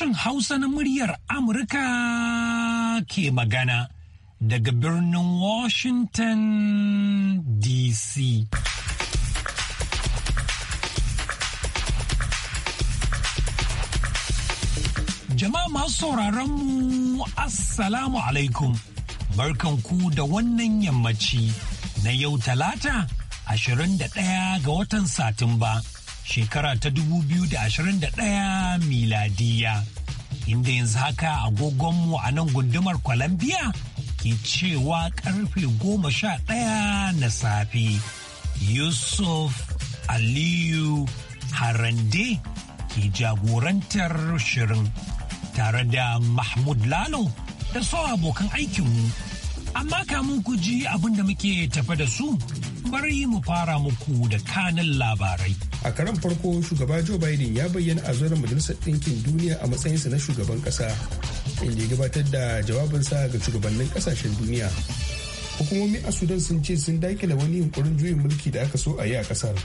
sashen Hausa na muryar Amurka ke magana daga birnin Washington DC. Jama'a masu sauraron mu Assalamu alaikum, barkanku da wannan yammaci na yau talata 21 ga watan Satumba. shekara ta da 2021 miladiya. inda yanzu haka agogonmu a nan gundumar Columbia ke cewa karfe goma sha ɗaya na safe. Yusuf Aliyu Harande ke jagorantar shirin tare da Mahmud Lalo da sauran abokan aikinmu. Amma kamun ku ji abin da muke tafa da su, bari mu fara muku da kanin labarai. a karan farko shugaba joe biden ya bayyana a zuwan majalisar ɗinkin duniya a matsayinsa na shugaban ƙasa inda ya gabatar da jawabinsa ga shugabannin ƙasashen duniya hukumomi a sudan sun ce sun dakile wani yunkurin juyin mulki da aka so a yi a ƙasar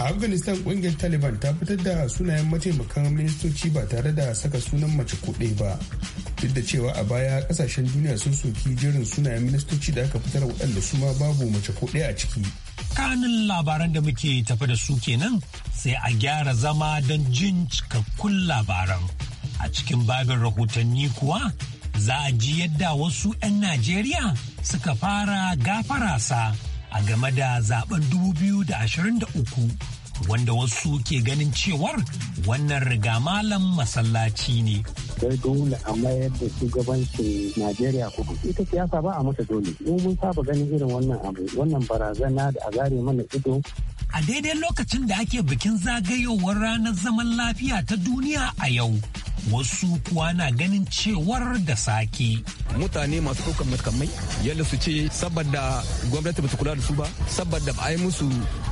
a afghanistan ƙungiyar taliban ta fitar da sunayen mataimakan ministoci ba tare da saka sunan mace kuɗe ba duk da cewa a baya kasashen duniya sun soki jerin sunayen ministoci da aka fitar waɗanda su ma babu mace kuɗe a ciki tsakanin labaran da muke tafi da su kenan sai a gyara zama don jin cikakkun labaran. A cikin babin rahotanni kuwa za a ji yadda wasu 'yan Najeriya suka fara gafarasa a game da zaben 2023 wanda wasu ke ganin cewar wannan rigamalan masallaci ne. sai dole a mayar da shugabancin najeriya kudu ita siyasa ba a mata dole mu mun saba ganin irin wannan abu wannan barazana da a zare mana ido a daidai lokacin da ake bikin zagayowar ranar zaman lafiya ta duniya a yau wasu kuwa na ganin cewar da sake. Mutane masu ɗaukar matakamai yadda su ce saboda gwamnati ba kula da su ba, saboda ba a yi musu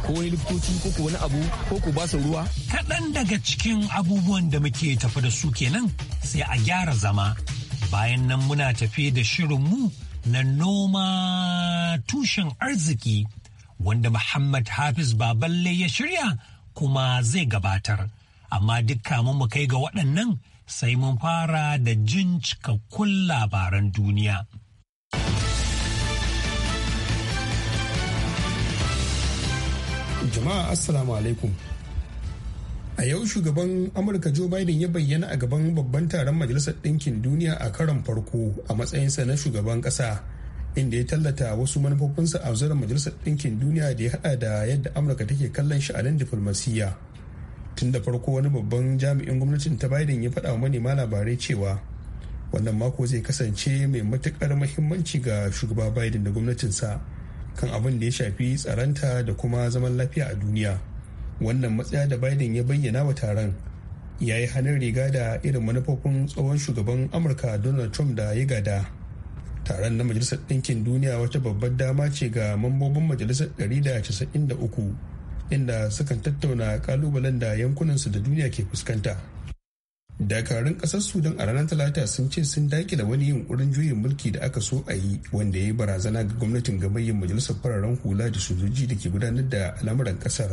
ko wani likitoci ko ko wani abu ko ko ba su ruwa. Kaɗan daga cikin abubuwan da muke tafi da su kenan sai a gyara zama. Bayan nan muna tafi da shirin mu na noma tushen arziki wanda Muhammad Hafiz Baballe ya shirya kuma zai gabatar. Amma duk kamun mu kai ga waɗannan sai mun fara da jin cikakkun labaran duniya. Jama'a Assalamu alaikum. A yau shugaban Amurka Joe Biden ya bayyana a gaban babban taron Majalisar Ɗinkin Duniya a karon farko a matsayinsa na shugaban ƙasa, inda ya tallata wasu manufofinsa a zaren Majalisar Ɗinkin Duniya da ya haɗa da yadda Amurka take kallon sha'anin diflomasiyya. tun da farko wani babban jami'in gwamnatin ta biden ya faɗa manema labarai cewa wannan mako zai kasance mai matukar mahimmanci ga shugaba biden da gwamnatinsa kan abin da ya shafi tsaranta da kuma zaman lafiya a duniya wannan matsaya da biden ya bayyana wa taron ya yi hannun riga da irin manufofin tsohon shugaban amurka donald trump da ya gada taron na majalisar ɗinkin duniya wata babbar dama ce ga mambobin majalisar 193 inda suka tattauna kalubalen da yankunansu da duniya ke fuskanta dakarun kasar sudan a ranar talata sun ce sun dakile wani yunkurin juyin mulki da aka so a yi wanda ya yi barazana ga gwamnatin gamayyar majalisar fararen hula da sojoji da ke gudanar da al'amuran ƙasar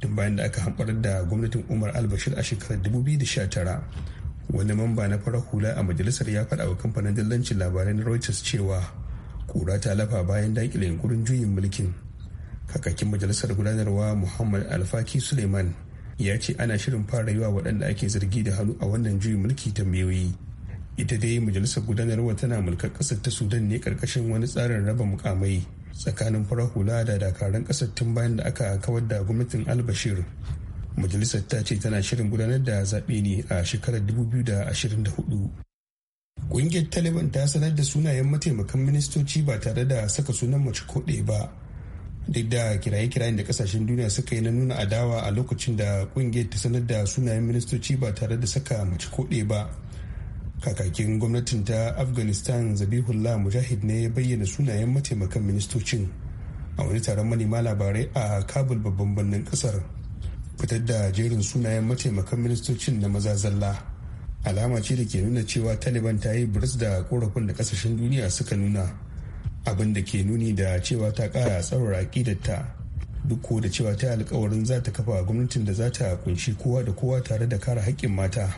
tun bayan da aka hamɓar da gwamnatin umar albashir a shekarar 2019 wani mamba na farar hula a majalisar ya faɗa wa kamfanin dillancin labarai na reuters cewa kura ta lafa bayan dakile kurin juyin mulkin kakakin majalisar gudanarwa muhammad alfaki suleiman ya ce ana shirin fara yi wa waɗanda ake zargi da hannu a wannan juyin mulki tambayoyi ita dai majalisar gudanarwa tana mulkar ƙasar ta sudan ne ƙarƙashin wani tsarin raba mukamai tsakanin farar hula da dakarun ƙasar tun bayan da aka kawar da gwamnatin albashir majalisar ta ce tana shirin gudanar da zaɓe ne a shekarar da da ashirin hudu. Ƙungiyar Taliban ta sanar da sunayen mataimakan ministoci ba tare da saka sunan mace ko ɗaya ba duk da kiraye-kirayen da kasashen duniya suka yi na nuna adawa a lokacin da kungiyar ta sanar da sunayen ministoci ba tare da saka mace koɗe ba kakakin gwamnatin ta afghanistan zabihullah mujahid ne ya bayyana sunayen mataimakan ministocin a wani taron manema labarai a kabul babban birnin kasar fitar da jerin sunayen mataimakan ministocin na maza zalla alama ce da ke nuna cewa taliban ta yi biris da korafin da kasashen duniya suka nuna abin da ke nuni da cewa ta kara tsawar aƙidarta duk ko da cewa ta alkawarin za ta kafa gwamnatin da za ta kunshi kowa da kowa tare da kare haƙƙin mata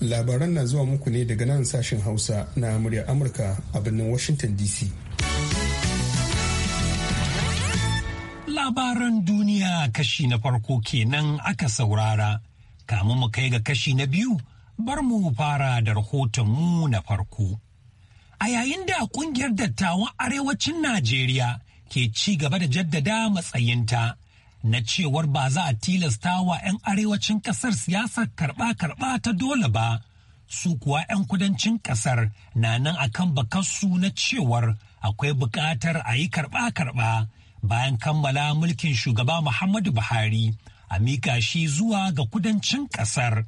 labaran na zuwa muku ne daga nan sashen hausa na muryar amurka a birnin washington dc labaran duniya kashi na farko kenan aka saurara kamun mu kai ga kashi na biyu bar mu fara da rahoton mu na farko A yayin da kungiyar dattawan arewacin Najeriya ke ci gaba da jaddada matsayinta na cewar ba za a tilasta wa 'yan arewacin kasar siyasar karɓa-karɓa ta dole ba. Su kuwa 'yan kudancin kasar na nan a kan bakarsu na cewar akwai buƙatar a yi karɓa-karɓa bayan kammala mulkin shugaba Muhammadu Buhari a mika shi zuwa ga kudancin kasar.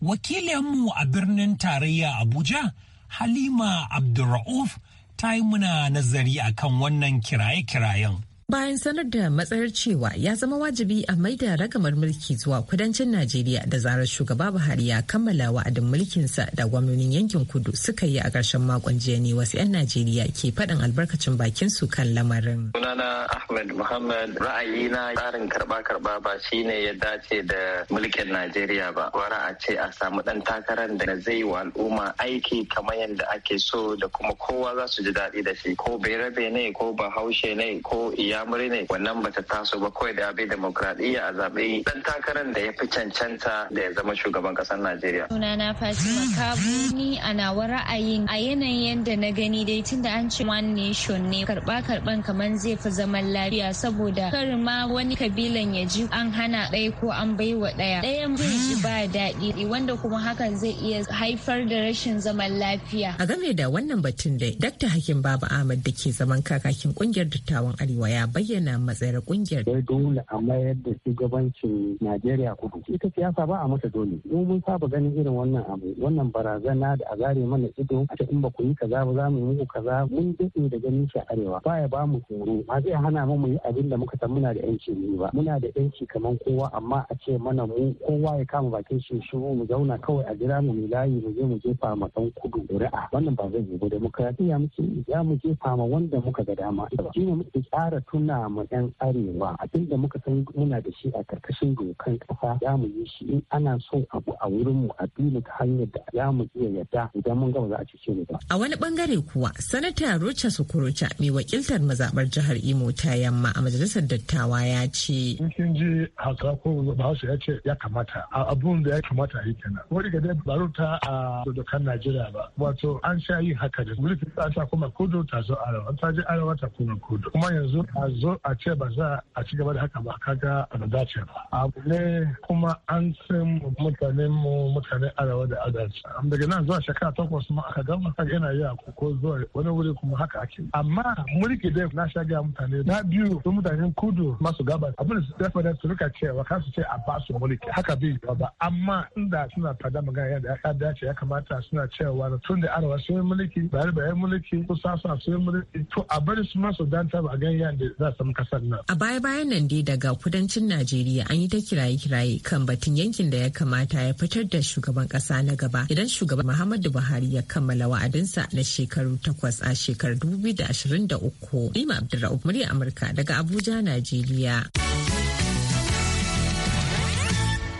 Wakilinmu a birnin tarayya Abuja, Halima Abdulra'uf ta yi muna nazari akan wannan kiraye-kirayen. bayan sanar da matsayar cewa ya zama wajibi a maida ragamar mulki zuwa kudancin najeriya da zarar shugaba buhari ya kammala wa'adin mulkinsa da gwamnonin yankin kudu suka yi a karshen makon jiya ne wasu 'yan najeriya ke faɗin albarkacin bakin su kan lamarin sunana ahmed muhammad na tsarin karba karba ba shine ya dace da mulkin najeriya ba wara a ce a samu ɗan takarar da zai wa al'umma aiki kamar yadda ake so da kuma kowa za su ji daɗi da shi ko bai rabe ne ko bahaushe ne ko iya jamuri ne wannan bata taso ba kawai da abin demokradiyya a zaɓe dan takarar da ya fi cancanta da ya zama shugaban ƙasar Najeriya. Sunana Fatima Kabu ni a nawa ra'ayin a yanayin yadda na gani dai tunda an ce one nation ne karɓa karɓan kamar zai fi zaman lafiya saboda kar ma wani kabilan ya ji an hana ɗaya ko an bai wa ɗaya. Ɗayan bai ji ba daɗi eh, wanda kuma hakan zai iya haifar da rashin zaman lafiya. A game da wannan batun dai dakta Hakim Baba Ahmad da ke zaman kakakin kungiyar dattawan Arewa ya bayyana matsayar kungiyar. Sai dole a mayar da shugabancin Najeriya kudu. Ita siyasa ba a mata dole. Mu mun saba ganin irin wannan abu, wannan barazana da a zare mana ido, a in ba ku yi kaza ba za mu yi muku kaza mun dace da ganin shi a arewa. ya ba mu tsoro, ba zai hana mu mu yi abin da muka san muna da yanci ne ba. Muna da yanci kamar kowa amma a ce mana mu kowa ya kama bakin shi shi mu zauna kawai a jira mu layi mu je mu jefa ma ɗan kudu ƙuri'a. Wannan ba zai yi ba demokradiyya muke ya mu jefa ma wanda muka ga dama. Shi ne muke tsara suna ma 'yan arewa abinda muka san muna da shi a karkashin dokan ƙasa za mu yi shi in ana son abu a wurin mu a duni ta hanyar da za mu iya yarda idan mun gama za a cece mu ba. A wani bangare kuwa sanata Rocha Sukurucha mai wakiltar mazaɓar jihar Imo ta yamma a majalisar dattawa ya ce. In kin ji Hausa ko Bahaushe ya ce ya kamata a abun da ya kamata yi kenan. Wani ga dai baro ta a dokan Najeriya ba. Wato an sha yin haka da mulki ta kuma kudu ta zo arewa ta je arewa ta kuma kudu. Kuma yanzu a a zo a ce ba za a ci gaba da haka ba kaga a da dace ba abu ne kuma an san mutane mu mutane arawa da adalci daga nan zuwa shekara takwas ma aka gama kaga yana yi ko zuwa wani wuri kuma haka ake amma mulki dai na sha gaya mutane na biyu su mutanen kudu masu gabas abin da su dafa su rika cewa kan su ce a ba su mulki haka bi yiwa ba amma inda suna fada magana yadda ya dace ya kamata suna cewa tun da arawa sun yi mulki bari bayan mulki kusa suna sun yi mulki to a bari su masu danta a gan yadda za su kasar nan. A baya-bayan nan dai daga kudancin Najeriya an yi ta kiraye-kiraye kan batun yankin da ya kamata ya fitar da shugaban kasa na gaba idan shugaban Muhammadu Buhari ya kammala wa'adinsa na shekaru takwas a shekarar da uku. Lima Abdulrahman murya Amurka daga Abuja, Najeriya.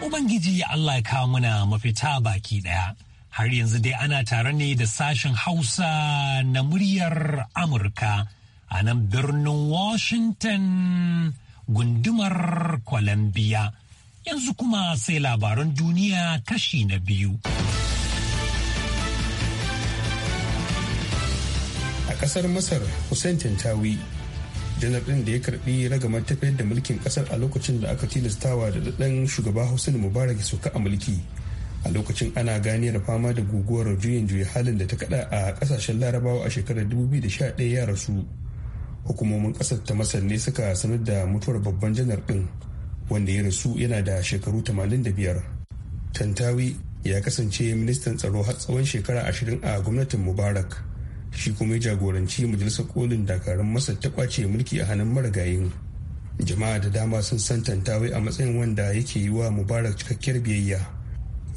Ubangiji Allah ya kawo mana mafita baki daya. Har yanzu dai ana tare ne da sashen Hausa na muryar Amurka. a nan birnin Washington gundumar Columbia. Yanzu kuma sai labaran duniya kashi na biyu. A ƙasar Masar Hussein Tantawi, janar ɗin da ya karɓi ragamar tafiyar da mulkin ƙasar a lokacin da aka tilastawa da daɗin shugaba Hussein Mubarak soka a mulki. a lokacin ana ganiyar fama da guguwar juyin juya halin da ta kada a kasashen larabawa a shekarar 2011 ya rasu hukumomin kasar ta masar ne suka sanar da mutuwar babban janar din wanda ya rasu yana da shekaru 85 tantawi ya kasance ministan tsaro har tsawon shekara ashirin a gwamnatin mubarak shi kuma ya jagoranci majalisar kolin dakarun masar ta kwace mulki a hannun marigayin jama'a da dama sun san tantawi a matsayin wanda yake yi wa mubarak cikakkiyar biyayya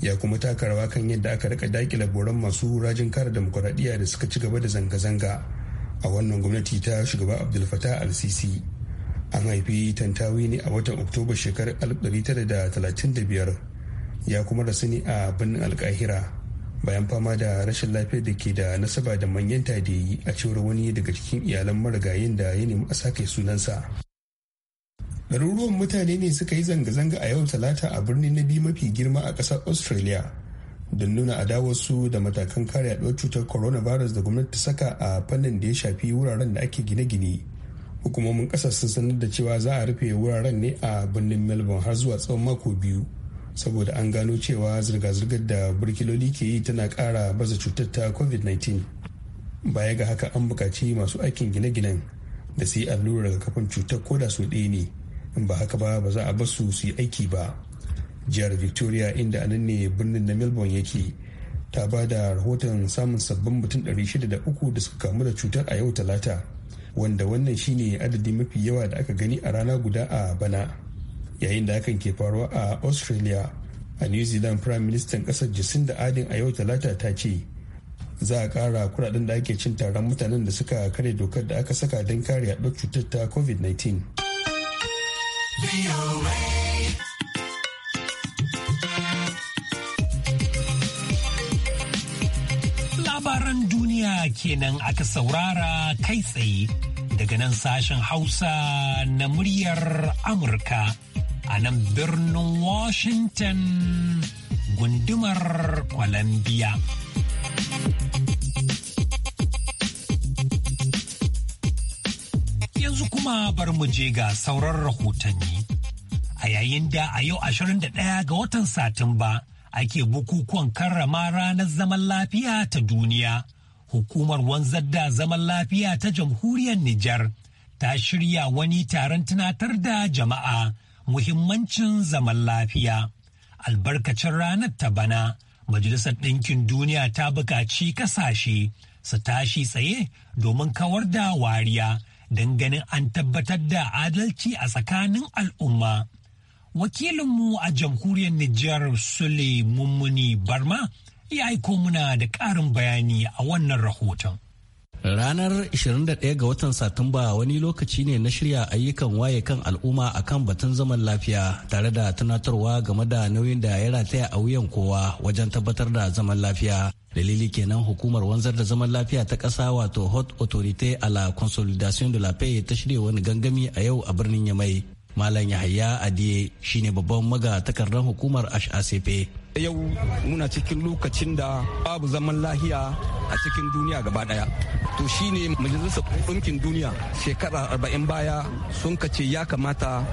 ya kuma taka rawa kan yadda aka rika dakila boran masu rajin kare demokuraɗiyya da suka ci gaba da zanga-zanga a wannan gwamnati ta shugaba abdul fatah al-sisi an haifi tantawi ne a watan oktoba shekarar 1935 ya kuma rasu ne a birnin alkahira bayan fama da rashin lafiyar da ke da nasaba da manyan tadayi a cewar wani daga cikin iyalan marigayin da ya nemi a sake sunansa ɗaruruwan mutane ne suka yi zanga-zanga a yau talata a birni na biyu mafi girma a ƙasar australia don nuna adawarsu da matakan kare yaduwar cutar coronavirus da gwamnati ta saka a fannin da ya shafi wuraren da ake gine-gine hukumomin kasar sun sanar da cewa za a rufe wuraren ne a birnin melbourne har zuwa tsawon mako biyu saboda an gano cewa zirga-zirgar da burkiloli ke yi tana kara baza cutar ta covid-19 baya ga haka an bukaci masu aikin gine-ginen da su yi allurar kafin cutar koda su ɗaya ne in ba haka ba ba za a basu su yi aiki ba jihar victoria inda a nan ne birnin na melbourne yake ta ba da rahoton samun sabbin mutum 603 da suka kamu da cutar a yau talata wanda wannan shine adadi mafi yawa da aka gani a rana guda a bana yayin da hakan ke faruwa a australia a new zealand prime minister kasar jacinda adin a yau talata ta ce za a kara kudaden da ake cin taron mutanen da suka kare dokar da aka saka don kare yaɗuwar cutar ta covid-19 duniya kenan aka saurara kai tsaye daga nan sashen Hausa na muryar Amurka a nan birnin Washington gundumar Columbia. Yanzu kuma bar mu je ga sauran rahotanni. A yayin da a yau 21 ga watan Satumba ake bukukuwan karrama ranar zaman lafiya ta duniya. hukumar wanzar da zaman lafiya ta jamhuriyar Nijar ta shirya wani taron tunatar da jama'a muhimmancin zaman lafiya. Albarkacin ranar ta bana, Majalisar Ɗinkin Duniya ta buƙaci ƙasashe su tashi tsaye domin kawar da wariya don ganin an tabbatar da adalci a tsakanin al'umma. Wakilinmu a jamhuriyar Nijar Sule Mummuni Barma ya aiko muna da ƙarin bayani a wannan rahoton. Ranar 21 ga watan Satumba wani lokaci ne na shirya ayyukan waye kan al'umma kan batun zaman lafiya tare da tunatarwa game da nauyin da ya rataya a wuyan kowa wajen tabbatar da zaman lafiya. Dalili kenan hukumar wanzar da zaman lafiya ta ƙasa wato Hot Autorité à la Consolidation de la Paix ta shirya wani gangami a yau a birnin Yamai. Malam Yahaya Adiye shine babban magatakardar hukumar HACP yau muna cikin lokacin da babu zaman lahiya a cikin duniya gaba daya to shine majalisar ɗinkin duniya shekara arba'in baya sun kace ya kamata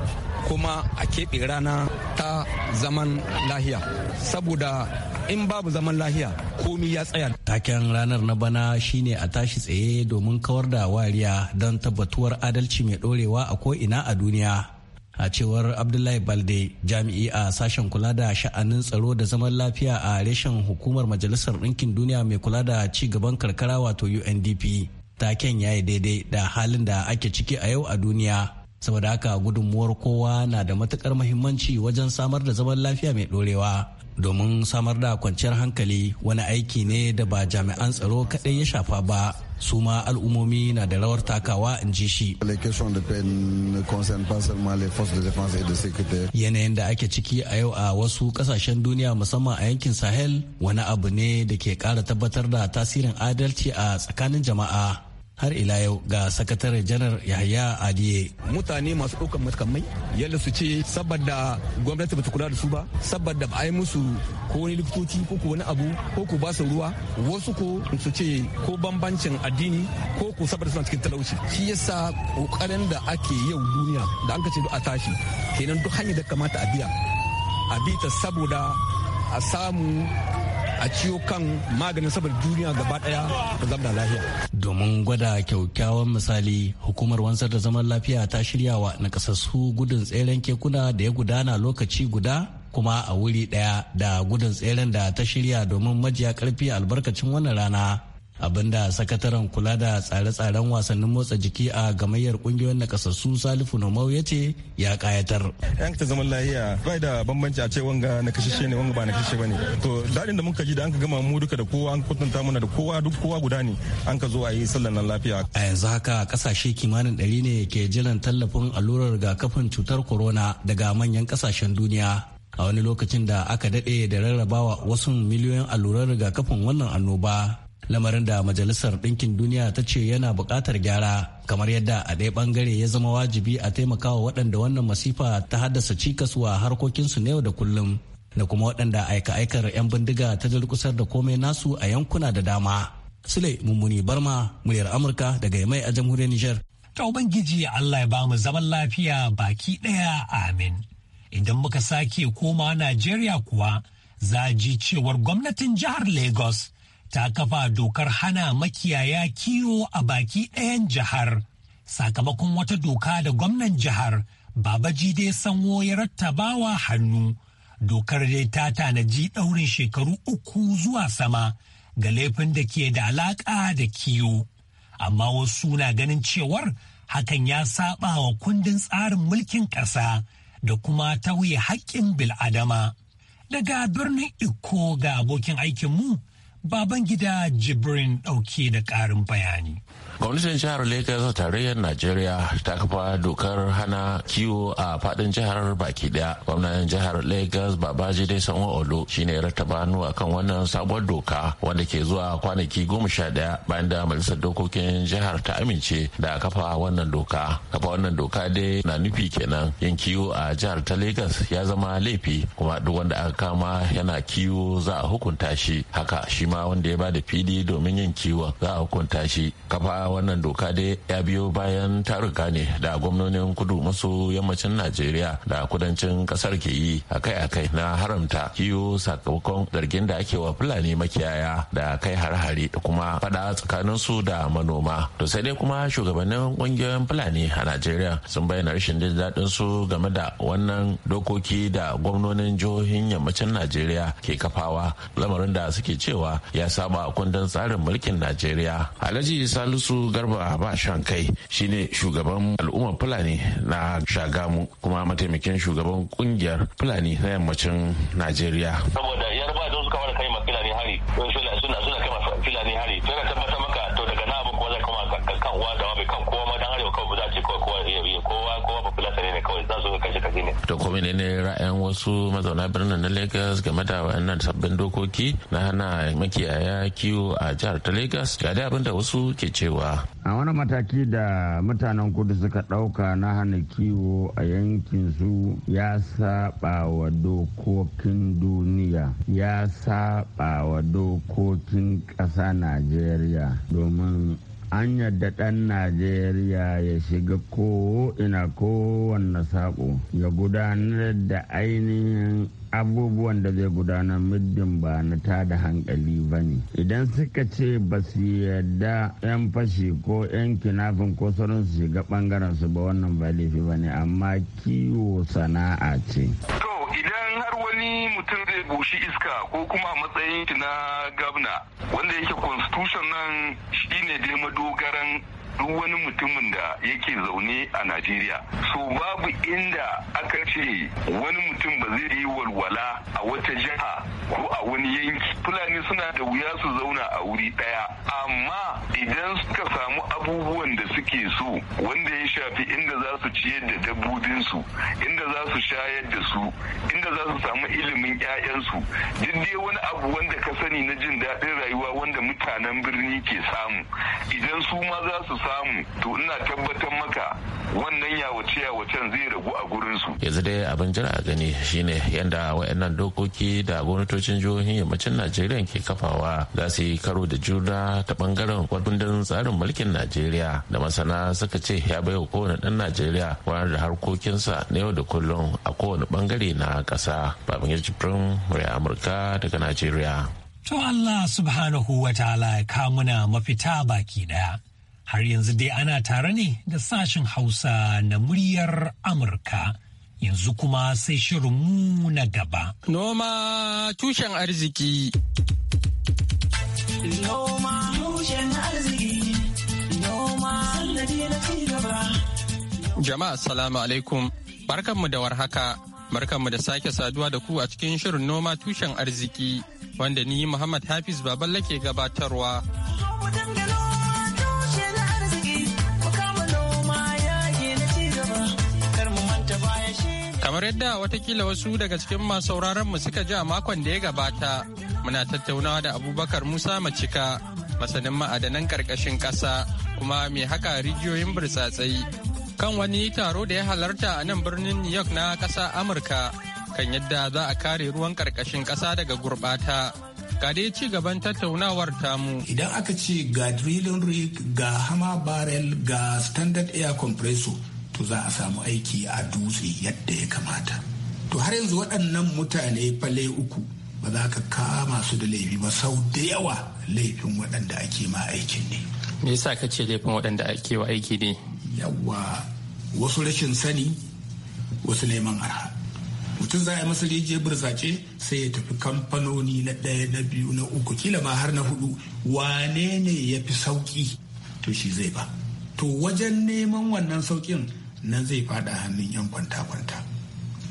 kuma a keɓe rana ta zaman lahiya saboda in babu zaman lahiya komi ya tsaya. Taken ranar na bana shine a tashi tsaye domin kawar da wariya don tabbatuwar adalci mai ɗorewa a ko'ina a duniya. a cewar abdullahi balde jami'i a sashen kula da sha'anin tsaro da zaman lafiya a reshen hukumar majalisar ɗinkin duniya mai kula da ci gaban karkara wato undp taken ya yi daidai da halin da ake ciki a yau a duniya saboda haka gudunmuwar kowa na da matukar muhimmanci wajen samar da zaman lafiya mai ɗorewa domin samar da kwanciyar hankali wani aiki ne da ba jami'an tsaro kaɗai ya shafa ba suma ma al'ummomi na da rawar takawa in ji shi. Yanayin da ake ciki a yau a wasu kasashen duniya musamman a yankin Sahel wani abu ne da ke kara tabbatar da tasirin adalci a tsakanin jama'a. har ila yau ga sakataren janar yahaya aliye mutane masu ɗaukar matakamai yadda su ce saboda gwamnati bata kula da su ba saboda ba a musu ko wani likitoci ko ko wani abu ko ko ba su ruwa wasu ko su ce ko bambancin addini ko ko saboda suna cikin talauci shi yasa kokarin da ake yau duniya da an ce a tashi kenan duk hanyar da kamata a biya a bi ta saboda a samu a ciwo kan maganin saboda duniya gaba daya ta zama lafiya domin gwada kyaukyawan misali hukumar wansar da zaman lafiya ta shirya wa nakasassu gudun tseren kekuna da ya gudana lokaci guda kuma a wuri daya da gudun tseren da ta shirya domin majiya karfi albarkacin wannan rana abinda sakataren kula da tsare-tsaren wasannin motsa jiki a gamayyar kungiyoyin nakasassu salifu nomau ya ce ya kayatar yan ta zaman lahiya bai da bambanci a ce wanga na ne wanga ba na kashashe bane to daɗin da muka ji da an ka gama mu duka da kowa an kwatanta mana da kowa duk kowa guda ne an ka zo a yi sallar nan lafiya a yanzu haka kasashe kimanin ɗari ne ke jiran tallafin allurar rigakafin cutar corona daga manyan kasashen duniya a wani lokacin da aka daɗe da rarrabawa wasu miliyoyin alluran rigakafin wannan annoba lamarin da majalisar ɗinkin duniya ta ce yana buƙatar gyara kamar yadda a ɗaya ɓangare ya zama wajibi a taimakawa waɗanda wannan masifa ta haddasa cikas wa harkokinsu na yau da kullum da kuma waɗanda aika-aikar 'yan bindiga ta durkusar da komai nasu a yankuna da dama. Sule Mummuni Barma, muryar Amurka daga mai a jamhuriyar Nijar. Ta Ubangiji Allah ya ba mu zaman lafiya baki ɗaya amin. Idan muka sake koma Najeriya kuwa, za ji cewar gwamnatin jihar Lagos ta kafa dokar hana makiyaya kiwo a baki ɗayan jihar sakamakon wata doka da gwamnan jihar dai sanwo ya rattabawa hannu dokar dai ta tanaji ɗaurin shekaru uku zuwa sama ga laifin da ke da alaƙa da kiwo amma wasu na ganin cewar hakan ya saba wa kundin tsarin mulkin ƙasa da kuma tauye haƙƙin bil'adama daga birnin iko ga abokin aikinmu Baban gida Jibrin ɗauke da ƙarin bayani. gwamnatin jihar lagos a tarayyar najeriya ta kafa dokar hana kiwo a fadin jihar baki daya gwamnatin jihar lagos babajide sanwo olo shine rattaba hannu kan wannan sabuwar doka wanda ke zuwa kwanaki goma sha daya bayan da majalisar dokokin jihar ta amince da kafa wannan doka kafa wannan doka dai na nufi kenan yin kiwo a jihar ta lagos ya zama laifi kuma duk wanda aka kama yana kiwo za a hukunta shi haka shi ma wanda ya ba da fili domin yin kiwon za a hukunta shi kafa wannan doka dai ya biyo bayan taruka ne da gwamnonin kudu maso yammacin najeriya da kudancin kasar ke yi akai-akai na haramta kiwo sakamakon zargin da ake wa fulani makiyaya da kai har-hare da kuma fada tsakanin su da manoma to sai dai kuma shugabannin kungiyoyin fulani a najeriya sun bayyana rashin jin daɗin su game da wannan dokoki da gwamnonin jihohin yammacin najeriya ke kafawa lamarin da suke cewa ya saba kundin tsarin mulkin najeriya alhaji salisu garba ba shan shi shine shugaban al'ummar fulani na shagamu kuma mataimakin shugaban kungiyar fulani na yammacin najeriya saboda yarba don suka kai da kuma ne ra'ayin wasu mazauna birnin na lagos game da wayannan sabbin dokoki na hana makiyaya kiwo a jihar ta lagos ga da abin wasu ke cewa a wani mataki da mutanen kudu suka dauka na hana kiwo a yankin su ya saba wa dokokin duniya ya saba wa dokokin kasa najeriya domin an yadda ɗan najeriya ya shiga ko ina kowanne saƙo ya gudanar da ainihin abubuwan da zai gudanar muddin ba na tada hankali ba ne idan suka ce ba su yadda 'yan fashi ko 'yan kinafin ko su shiga bangaren su ba wannan ba laifi ba ne amma kiwo sana'a ce. idan har wani mutum zai bushi iska ko kuma a matsayin na gabna wanda yake constitution nan shine dai madogaran duk wani mutumin da yake zaune a najeriya so babu inda aka ce wani mutum ba zai yi walwala a wata jiha ko a wani yanki fulani suna da wuya su zauna a wuri ɗaya amma idan suka samu abubuwan da suke so wanda ya shafi inda za su ciyar da dabbobinsu inda za su shayar da su inda za su samu ilimin 'ya'yansu duk dai wani abu wanda ka sani na jin daɗin rayuwa wanda mutanen birni ke samu idan su ma za su samu to ina tabbatar maka wannan yawace yawacen zai ragu a gurinsu. yanzu dai abin jira a gani shine yadda wayannan dokoki da gwamnatocin jihohin yammacin najeriya ke kafawa za su yi karo da juna ta bangaren kwadundun tsarin mulkin najeriya da masana suka ce ya baiwa kowane dan najeriya wayar da harkokinsa na yau da kullum a kowane bangare na ƙasa babin yajibirin murya amurka daga najeriya To Allah subhanahu wa ta'ala ya kamuna mafita baki daya. har yanzu dai ana tare ne da sashen hausa na muryar amurka yanzu kuma sai shirinmu na gaba noma tushen arziki noma tushen arziki noma na gaba jama'a salamu alaikum barkanmu da warhaka barkanmu da sake saduwa da ku a cikin shirin noma tushen arziki wanda ni muhammad hafiz baballe ke gabatarwa Kamar yadda watakila wasu daga cikin masu sauraron mu suka ji a makon da ya gabata, muna tattaunawa da Abubakar Musa Macika, masanin ma'adanan karkashin ƙasa, kuma mai haka rijiyoyin burtsatsai. Kan wani taro da ya halarta a nan birnin New York na ƙasa Amurka, kan yadda za a kare ruwan karkashin ƙasa daga gurɓata. ga dai ci gaban tattaunawar tamu. Idan aka ce ga drilling rig ga hama barrel ga standard air compressor to za a samu aiki a dutse yadda ya kamata to har yanzu waɗannan mutane fale uku ba za ka kama su da laifi ba sau da yawa laifin waɗanda ake ma aikin ne me yasa ka ce laifin waɗanda ake wa aiki ne yawa wasu rashin sani wasu neman arha mutum za a masa rijiyar burzace sai ya tafi kamfanoni na ɗaya na biyu na uku kila ma har na hudu wane ne ya fi sauki to shi zai ba to wajen neman wannan saukin nan zai fada hannun 'yan kwanta-kwanta.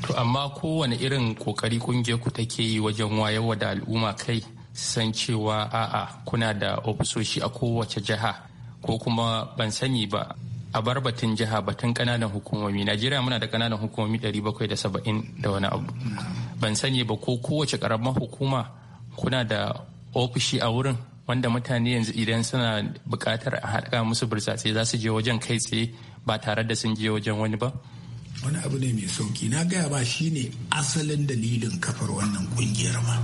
To amma kowane irin kokari kungiyar ku take yi wajen wayarwa da al'umma kai san cewa a'a kuna da ofisoshi a kowace jiha ko kuma ban sani ba a bar batun jiha batun kananan hukumomi najeriya muna da kananan hukumomi 770 da wani abu ban sani ba ko kowace karamar hukuma kuna da ofishi a wurin wanda mutane yanzu idan suna bukatar a haɗa musu burtsatse za su je wajen kai tsaye ba tare da sun je wajen wani ba wani abu ne mai sauki na gaya ba shine asalin dalilin kafar wannan kungiyar ma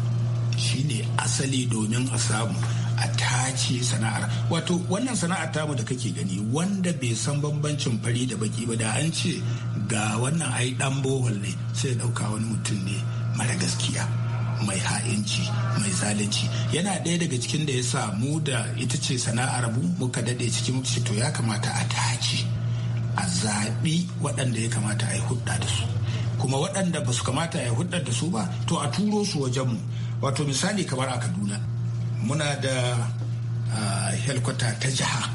shine asali domin a samu a tace sana'ar wato wannan sana'ar tamu da kake gani wanda bai san bambancin fari da baki ba da an ce ga wannan ai dan bohol ne sai dauka wani mutum ne mara gaskiya mai ha'inci mai zalunci yana ɗaya daga cikin da ya sa mu da ita ce sana'ar mu muka daɗe cikin to ya kamata a tace a zaɓi waɗanda ya kamata a yi hudda da su kuma waɗanda ba su kamata a yi hudda da su ba to a turo su wajen mu wato misali kamar a kaduna muna da helkwata ta jiha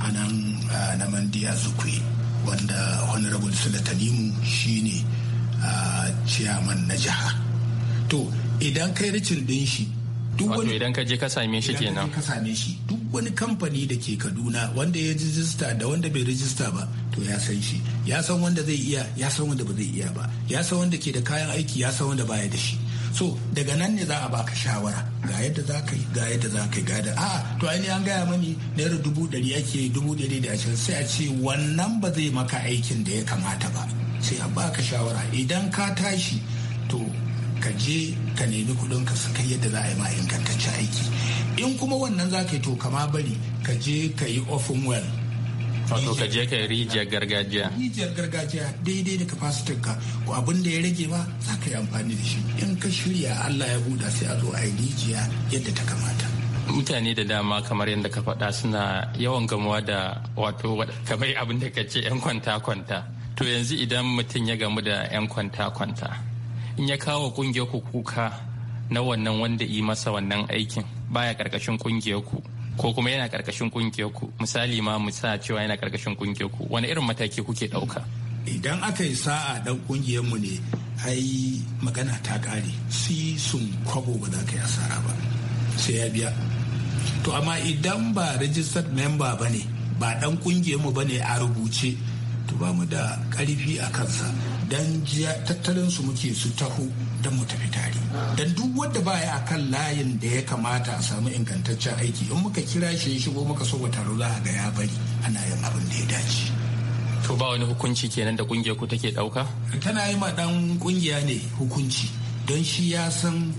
a nan na mandiya zukwe wanda honorable sulatanimu ne ciyaman na jiha to idan kai ricin din shi idan ka je ka same shi kenan ka same shi duk wani kamfani da ke Kaduna wanda ya rijista da wanda bai rijista ba to ya san shi ya san wanda zai iya ya san wanda ba zai iya ba ya san wanda ke da kayan aiki ya san wanda baya da shi so daga nan ne za a baka shawara ga yadda za ka ga yadda za ka ga da a to ainihin an gaya mani naira dubu ɗari ake dubu ɗari da ashirin sai a ce wannan ba zai maka aikin da ya kamata ba sai a baka shawara idan ka tashi to ka je ka nemi kuɗin ka kai yadda za a yi ma ingantaccen aiki in kuma wannan za ka yi to kama bari ka je ka yi ofin well wato ka je ka yi rijiyar gargajiya rijiyar gargajiya daidai da kapasitin ka ko abin da ya rage ba za ka yi amfani da shi in ka shirya allah ya buɗa sai a zo a yi rijiya yadda ta kamata mutane da dama kamar yadda ka faɗa suna yawan gamuwa da wato kamar abin da ka ce 'yan kwanta-kwanta to yanzu idan mutum ya gamu da 'yan kwanta-kwanta in ya kawo kungiyar ku kuka na wannan wanda yi masa wannan aikin baya karkashin kungiyar ku ko kuma yana karkashin kungiyar ku misali ma mu sa cewa yana karkashin kungiyar ku wani irin mataki kuke dauka idan aka yi sa'a dan kungiyar mu ne ai magana ta kare si sun kwabo ba za ka yi asara ba sai ya biya to amma idan ba registered member ba ne ba dan kungiyar mu ba ne a rubuce to ba mu da karfi a kansa dan tattalin su muke su taho don mu tafi tare dan duk wanda baya akan layin da ya kamata a samu ingantaccen aiki in muka kira shi ya shigo muka so taro za a ga ya bari ana yin abin da ya dace to ba wani hukunci kenan da kungiyar ku take dauka tana yi ma dan kungiya ne hukunci don shi ya san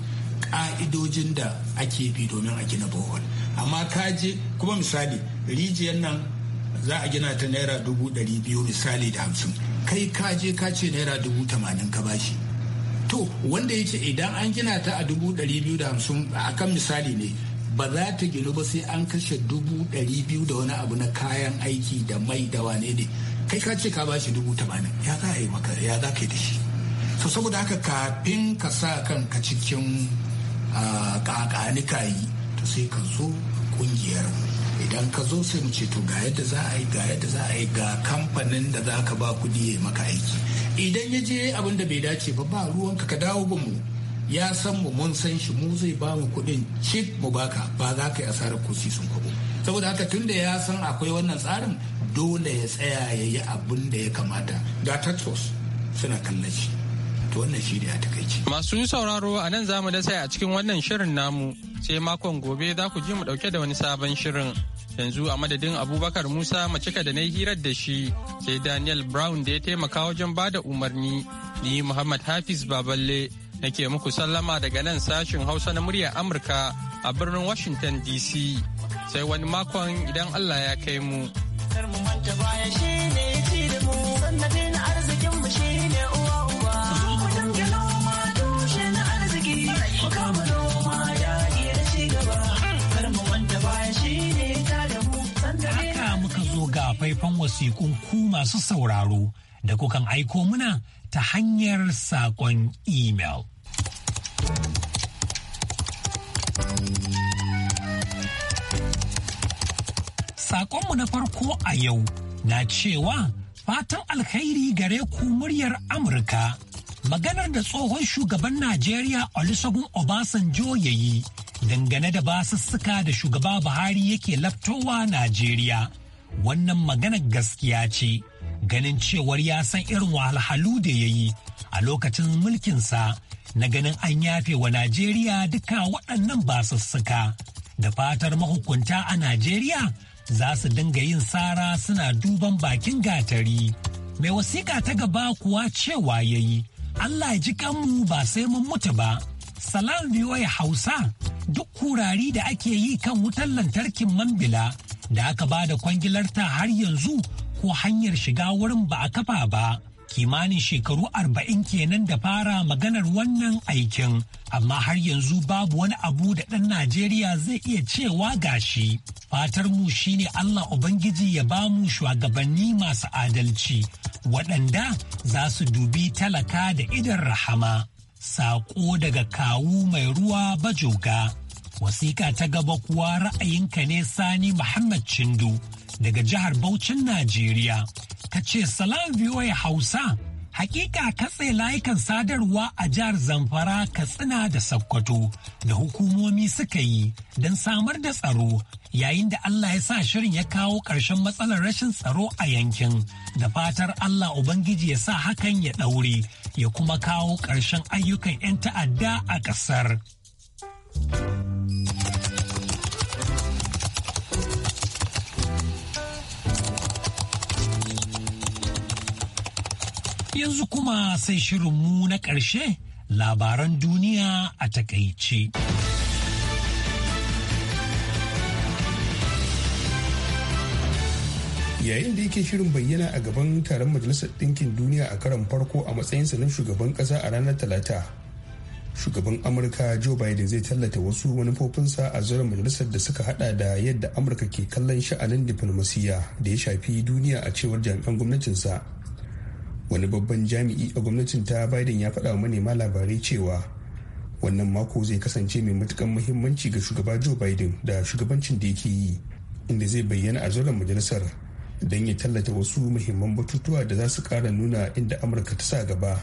ka'idojin da ake bi domin a gina bohol amma kaje kuma misali rijiyar nan za a gina ta naira dubu ɗari biyu misali da hamsin kai ka je ka ce naira dubu tamanin ka bashi to wanda ya ce idan an gina ta a dubu ɗari biyu da hamsin akan misali ne ba za ta ginu ba sai an kashe dubu ɗari biyu da wani abu na kayan aiki da mai da wane ne kai ka ce ka bashi dubu tamanin ya za a yi maka ya za ka yi da shi to saboda haka kafin ka sa kanka cikin kakani ah, yi to sai ka zo kungiyar idan ka zo sai mu ce to ga yadda za a yi ga yadda za a yi ga kamfanin da za ka ba kuɗi ya maka aiki idan ya je abin da bai dace ba ba ruwan ka ka dawo ba mu ya san mu mun san shi mu zai ba mu kuɗin cik mu baka ba za ka yi asarar kusi sun kwabo saboda haka tunda ya san akwai wannan tsarin dole ya tsaya ya yi abin da ya kamata ga tatros suna kallon shi to wannan shi ne a takaici. Masu sauraro a nan zamu da sai a cikin wannan shirin namu sai makon gobe za ku ji mu ɗauke da wani sabon shirin. Yanzu a madadin Abubakar Musa cika da na hirar da shi sai Daniel Brown da ya taimaka wajen ba da umarni ni Muhammad Hafiz Baballe nake muku sallama daga nan sashin Hausa na muryar Amurka a birnin Washington DC sai wani makon idan Allah ya kai mu. Kar mu manta baya ne. wasikun ku masu sauraro da kukan aiko muna ta hanyar saƙon email. Saƙonmu na farko a yau na cewa fatan alkhairi gare ku muryar Amurka. Maganar da tsohon shugaban Najeriya Olusegun Obasanjo ya yi dangane da basussuka da shugaba Buhari yake laftowa Najeriya. wannan magana gaskiya ce ganin cewar ya san irin wahalhalu da ya yi a lokacin mulkinsa na ganin an yafe wa Najeriya duka waɗannan basussuka da fatar mahukunta a Najeriya za su dinga yin sara suna duban bakin gatari. Mai wasiƙa ta gaba kuwa cewa ya yi, Allah ji kanmu ba sai mun mutu ba. Salam ya Hausa duk kurari da ake yi kan wutar lantarkin Mambila da aka ba da kwangilarta har yanzu ko hanyar shiga wurin ba a kafa ba kimanin shekaru arba'in kenan da fara maganar wannan aikin amma har yanzu babu wani abu da ɗan najeriya zai iya cewa gashi fatar mu shine allah ubangiji ya ba mu shugabanni masu adalci waɗanda za su dubi talaka da idan rahama saƙo daga kawu mai ruwa bajoga. Wasiƙa ta gaba kuwa ra'ayinka ne Sani Muhammad Chindu daga jihar Bauchin Najeriya. Ka ce salam VOA Hausa. Hakika katse layukan sadarwa a jihar Zamfara Katsina da Sokoto da hukumomi suka yi don samar da tsaro yayin da Allah ya sa shirin ya kawo ƙarshen matsalar rashin tsaro a yankin da fatar Allah Ubangiji ya sa hakan ya ɗaure ya kuma kawo ƙarshen ayyukan 'yan ta'adda a ƙasar. Yanzu kuma sai shirinmu na ƙarshe labaran duniya a takaice. Yayin da yake shirin bayyana a gaban taron Majalisar Ɗinkin Duniya a karon farko a matsayinsa na shugaban ƙasa a ranar Talata, shugaban Amurka Joe Biden zai tallata wasu manufofinsa a zuwan majalisar da suka hada da yadda Amurka ke kallon sha'anin diflomasiyya da ya shafi duniya a cewar jami'an gwamnatinsa. wani babban jami'i a gwamnatin ta biden ya faɗa wa manema labarai cewa wannan mako zai kasance mai matukan muhimmanci ga shugaba joe biden da shugabancin da yake yi inda zai bayyana a zauren majalisar don ya tallata wasu muhimman batutuwa da za su kara nuna inda amurka ta sa gaba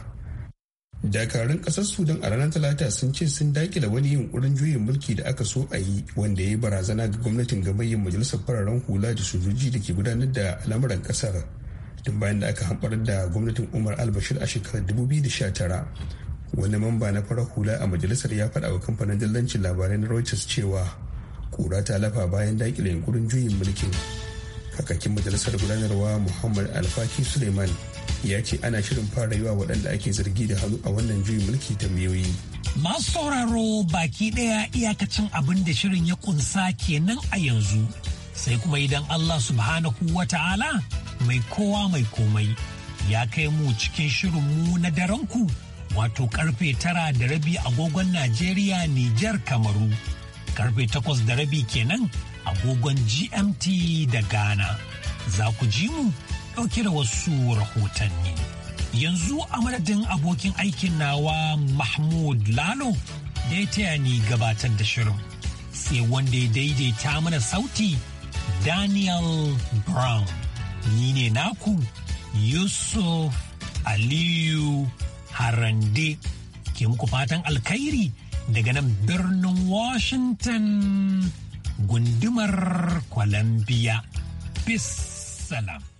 dakarun kasar sudan a ranar talata sun ce sun dakila wani yin yunkurin juyin mulki da aka so a yi wanda ya yi barazana ga gwamnatin gamayyar majalisar fararen hula da sojoji da ke gudanar da al'amuran kasar tun bayan da aka hamɓar da gwamnatin umar albashir a shekarar 2019 wani mamba na farar hula a majalisar ya faɗa wa kamfanin dillancin labarai na reuters cewa kura ta lafa bayan daƙile yunkurin juyin mulkin kakakin majalisar gudanarwa muhammad alfaki suleiman ya ce ana shirin fara yi wa waɗanda ake zargi da hannu a wannan juyin mulki ta tambayoyi masu sauraro baki ɗaya iyakacin abin da shirin ya kunsa kenan a yanzu sai kuma idan allah subhanahu wa ta'ala mai kowa mai komai ya kai mu cikin shirinmu na daren ku wato karfe tara da rabi agogon Najeriya Nijar Kamaru. Karfe takwas da rabi kenan agogon GMT da Ghana. Za ku ji mu ɗauke da wasu rahotanni. Yanzu a madadin abokin aikin nawa Mahmud Lalo da ya taya ni gabatar da shirin. Sai wanda ya daidaita mana sauti Daniel Brown. ni ne naku Yusuf Aliyu Harande ke muku fatan alkhairi daga nan birnin Washington gundumar Columbia. Peace salam.